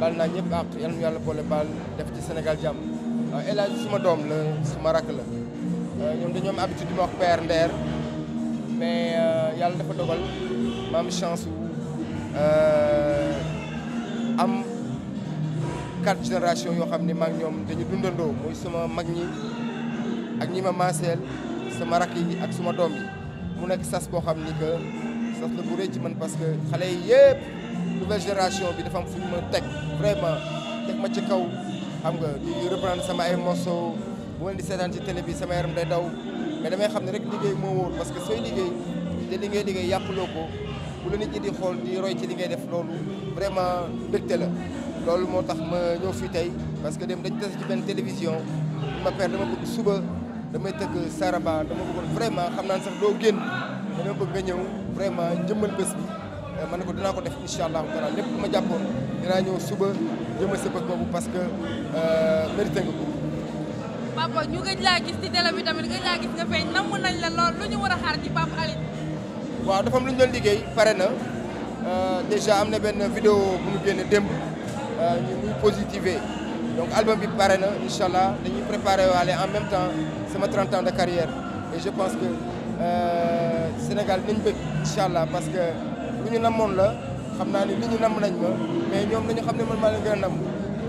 baal naa ñëpp àq yal na yàlla boole baal def ci senegal jàmm waaw El Hadj suma doom la suma rakk la ñoom dañoo am habitude di ma wax père Nder mais euh, yàlla dafa dogal ma chance euh, am quatre génération yoo xam ne ma ak ñoom dañu dundandoo muy suma mag ñi ak ñi ma maaseel sama rakk yi ak suma doom yi nekk sas boo xam ni que sas la bu man parce xale yi nouvelle génération bi dafa am fu ñu ma teg vraiment teg ma ci kaw xam nga di reprendre sama ay morceaux bu ma leen di seetaan ci télé bi sama yaram day daw mais damay xam ne rek liggéey moo wóor parce que sooy liggéey te li ngay liggéey yàquloo ko bu la nit di xool di roy ci li def loolu vraiment mbégte la loolu moo tax ma ñëw fii tey parce que dem dañ tase ci benn télévision ma père dama bëgg suba damay tëgg Saraba dama bëggoon vraiment xam naa sax doo génn dama bëgg nga ñëw vraiment jëmmal bés bi Euh, ma ne ko dinaa ko def incha allahu taala lépp ma jàppoon dinaa ñëw suba jëma sa bëgg parce que euh, mérité nga ko. papa ñu gëj laa gis tamit gëj nga feeñ namm nañ la lool ñu war a xaar ci Pape Alé. waaw dafa lu ñu liggéey pare na euh, déjà am na benn vidéo bu ñu génne démb ñu muy donc album bi pare na incha allah dañuy préparé waale en même temps sama 30 ans de carrière et je pense que Sénégal nañ bëgg incha allah parce que. lu ñu namoon la xam naa ni li ñu nam nañ ma mais ñoom nañu xam ne man maa leen gën a nam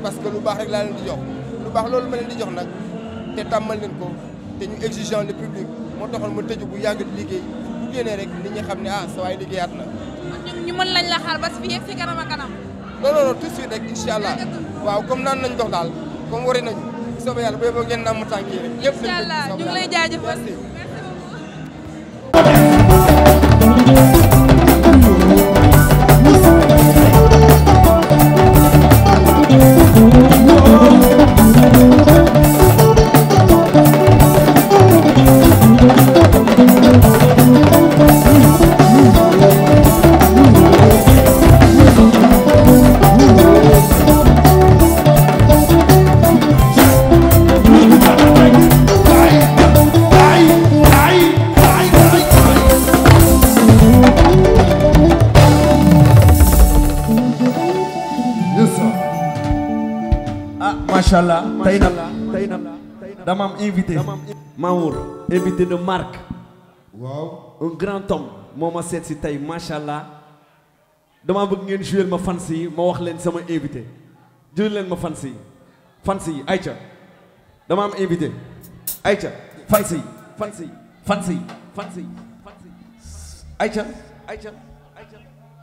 parce que lu baax rek laa leen di jox lu baax loolu ma leen di jox nag te tàmmal leen ko te ñu exigeant le public moo taxoon ma tëju bu yàgg di liggéey bu génnee rek li ñu xam ne ah sa waay liggéeyaat na. ñun ñu mën lañ la xaar ba si yegg si kanam ak kanam. non tout suite rek incha allah waaw comme naan nañ dox daal comme wari nañu soobee yàlla booy boog ngeen naam mu tànk yi rek. yëpp incha allah ñu ngi lay Thank you. macha allah tey nag tey nag dama am invité. Mamour invité de marque. moo ma seet si tey macha allah dama bëgg ngeen joué ma fans yi ma wax leen sama invité joué leen ma fans yi fans yi ayca dama am invité ayca fans fans yi fans yi fans yi ayca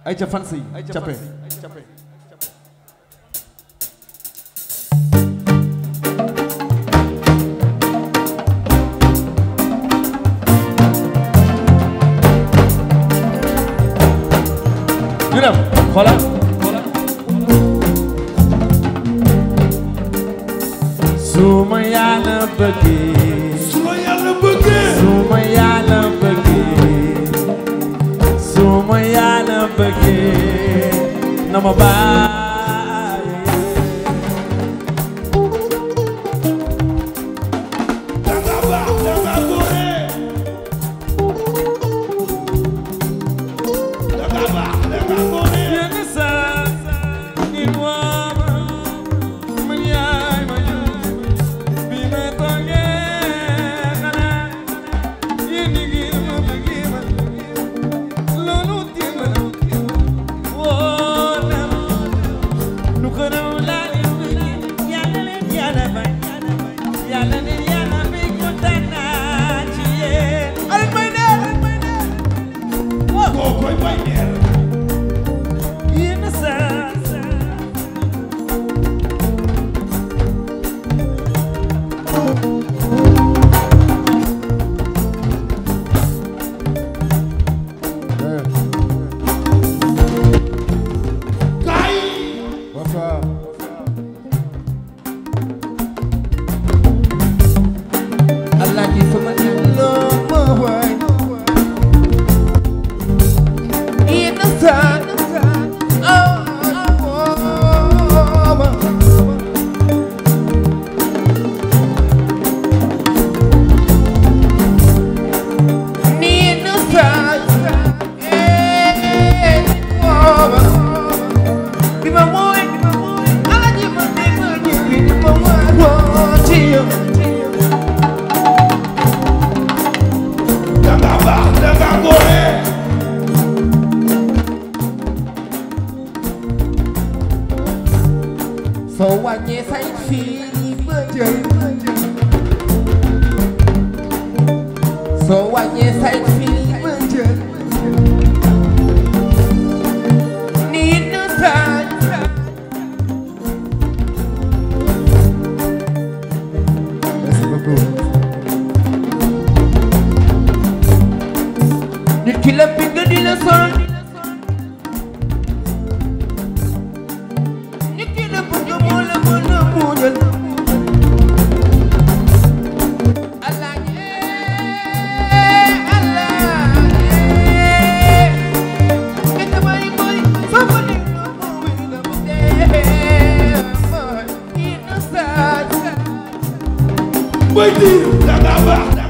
ayca fans yi cappe xoola su ma yàlla bëggee su ma yàlla bëggee su ma yàlla bëggee su ma yàlla bëggee na ma baa may diir da ngaa baax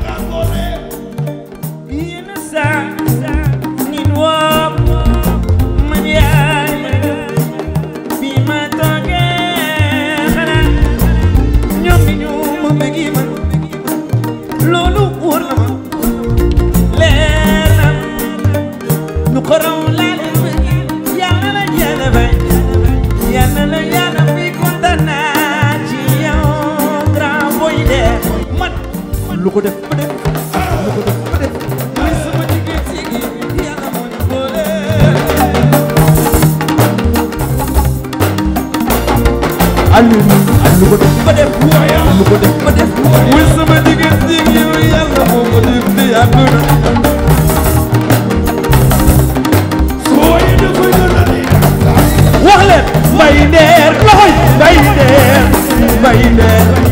gaynde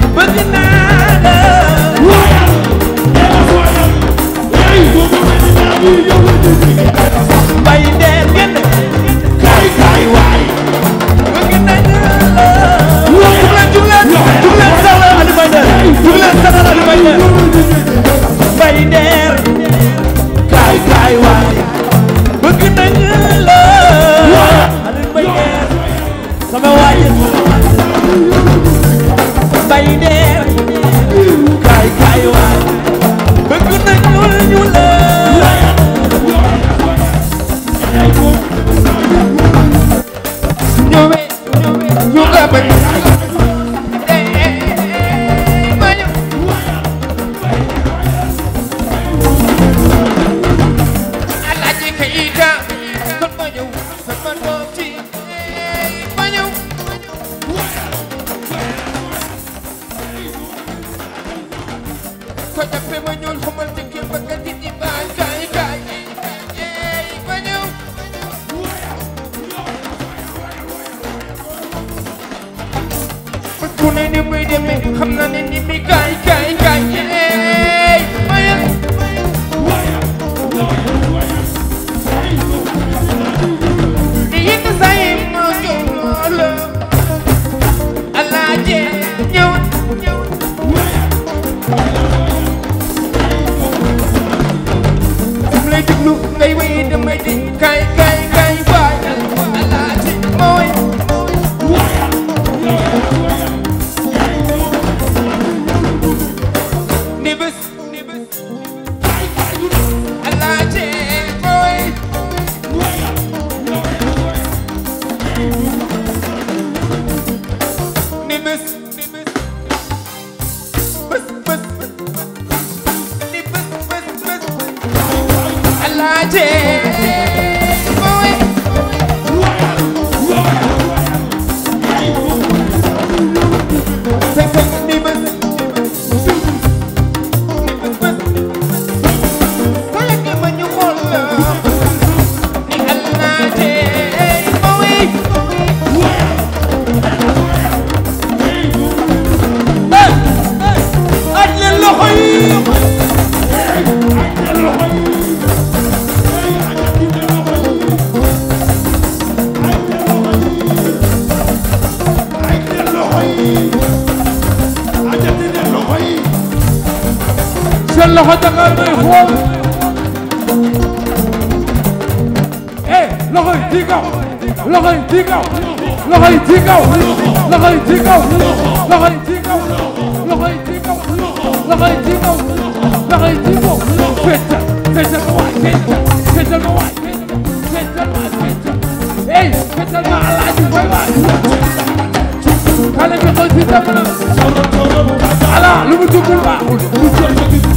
koy demee xam na loxo jangaar may xool eh loxo yi ci kaw loxo yi ci kaw loxo yi ci kaw loxo yi ci kaw loxo yi ci kaw loxo yi ci kaw loxo yi ci kaw loxo yi ci kaw fecca fecca ma waay fecca fecca ma waay fecca ma fecca eh fecca ma alaaji fay waay xale bi xool ci jamono ala lu mu jubul baaxul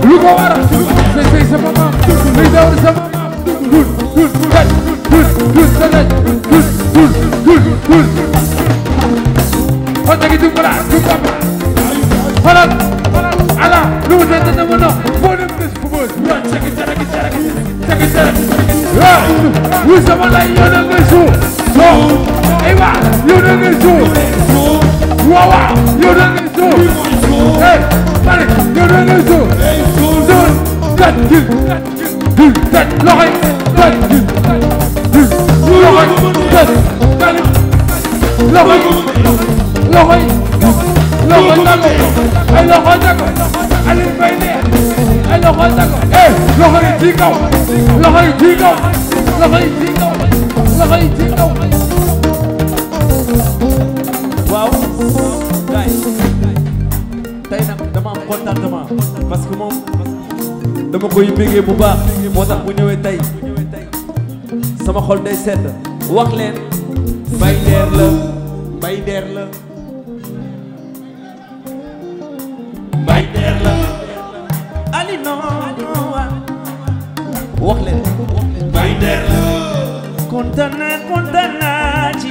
lu ko waral say say sama maam say dawal sama maam dul dul dul dul dul sa laj dul dul dul dul on tagi dumbala dumbala xolal ala lu mu tata na mono boo dem des fu bës wa cagi caragi caragi cagi caragi wa wu sama lay yow da ngay suuf so ay wa yow da ngay suuf waaw waaw parce que moom dama koy bëggee bu baax moo tax bu ñëwee tey sama xol day sedd wax leen mbay deer la mbay deer la mbay wax leen mbay deer la kontaan naa kontaan naa ci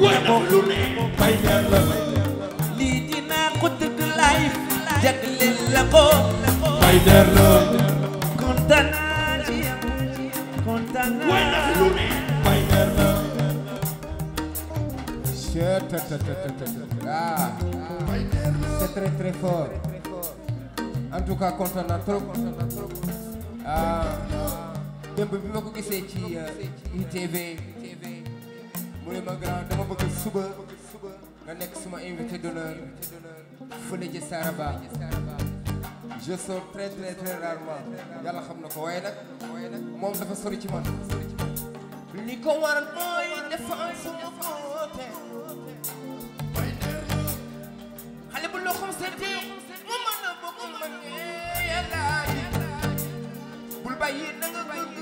wala lu ne bay yàlla may lii dinaa ko dëgg laay jagleel la ko bay yàlla kontaan naa ci kontaan ah. naa wala lu ne bay yàlla c'est très très fort en tout cas kontaan naa trop ah démb bi ma ko gisee ci euh, ITV de ma grand dama bëgg suba nga nekk suma invité d'honneur fële ci Saraba je sors très très très rarement yàlla xam na ko waaye nag moom dafa sori ci man li ko waral mooy dafa am sama côté xale bu loxoom seeti mu mën a bëgg ma ne yàlla bul bàyyi na nga bëgg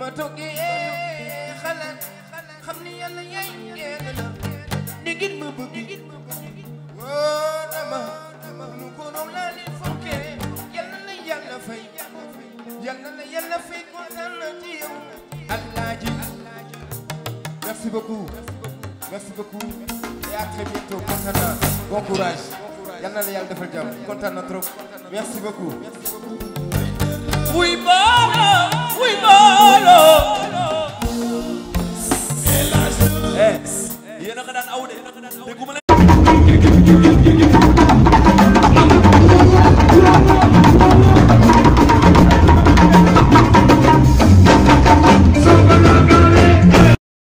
ma toogee xalaat xam ni yàlla yaay yéen la ni ngeen ma bëgg woo dama nu ko raw laa leen fonkee yàlla na yàlla fay yàlla na yàlla fay kontaan na ci yow Alaaji merci beaucoup merci beaucoup et à très bientôt kontaan naa yàlla la yàlla defal jàmm kontaan na trop merci beaucoup. oui boobu. Eh. Eh, yéen a ko daan aw de